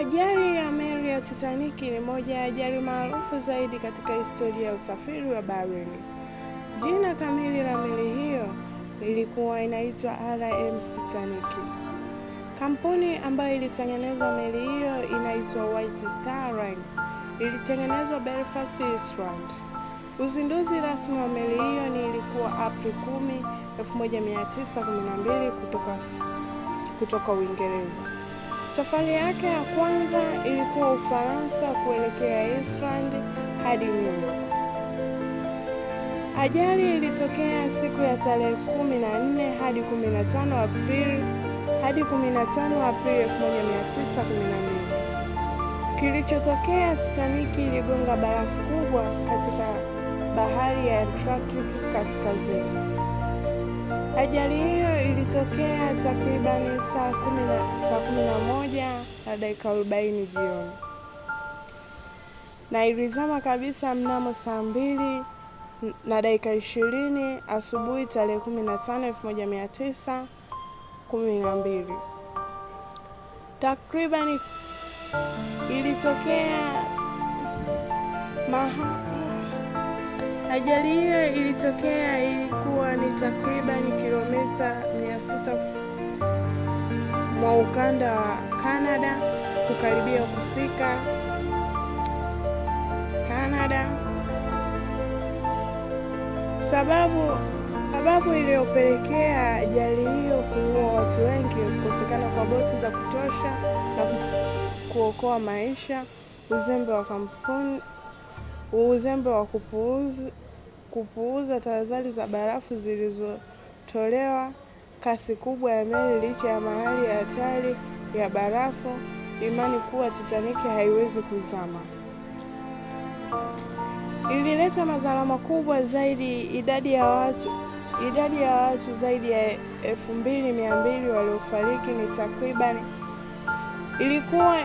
Ajali ya meli ya Titanic ni moja ya ajali maarufu zaidi katika historia ya usafiri wa baharini. Jina kamili la meli hiyo ilikuwa inaitwa RMS Titanic. Kampuni ambayo ilitengenezwa meli hiyo inaitwa White Star Line, ilitengenezwa Belfast, Ireland. Uzinduzi rasmi wa meli hiyo ni ilikuwa Aprili 10, 1912 kutoka kutoka Uingereza. Safari yake ya kwanza ilikuwa Ufaransa kuelekea Iceland hadi Ureno. Ajali ilitokea siku ya tarehe 14 hadi 15 Aprili hadi 15 Aprili 1912. Kilichotokea, Titanic iligonga barafu kubwa katika bahari ya Atlantic kaskazini. Ajali hiyo ilitokea takribani saa kumi na moja na dakika arobaini jioni na ilizama kabisa mnamo saa mbili na dakika ishirini asubuhi tarehe kumi na tano elfu moja mia tisa kumi na mbili takribani ilitokea mahali Ajali hiyo ilitokea ilikuwa ni takriban kilomita 600 mwa ukanda wa Canada kukaribia kufika Canada. Sababu sababu iliyopelekea ajali hiyo kuua watu wengi, kukosekana kwa boti za kutosha na kuokoa maisha, uzembe wa kampuni Uzembe wa kupuuza tahadhari za barafu zilizotolewa, kasi kubwa ya meli licha ya mahali ya hatari ya barafu, imani kuwa Titanic haiwezi kuzama ilileta madhara makubwa zaidi. Idadi ya watu idadi ya watu zaidi ya elfu mbili mia mbili waliofariki ni takribani ilikuwa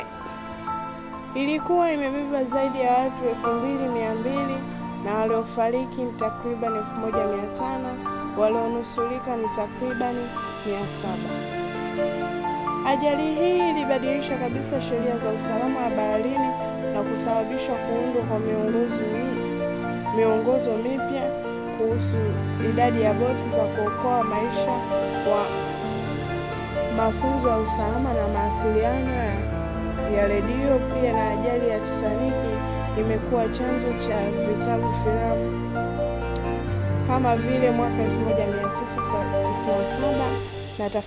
ilikuwa imebeba zaidi ya watu elfu mbili mia mbili na waliofariki ni takribani elfu moja mia tano walionusurika ni takribani mia saba. Ajali hii ilibadilisha kabisa sheria za usalama wa baharini na kusababisha kuundwa kwa miongozo miongozo mipya kuhusu idadi ya boti za kuokoa maisha kwa mafunzo ya usalama na mawasiliano ya ya redio pia na ajali ya Titanic imekuwa chanzo cha vitabu filamu kama vile mwaka 1997 na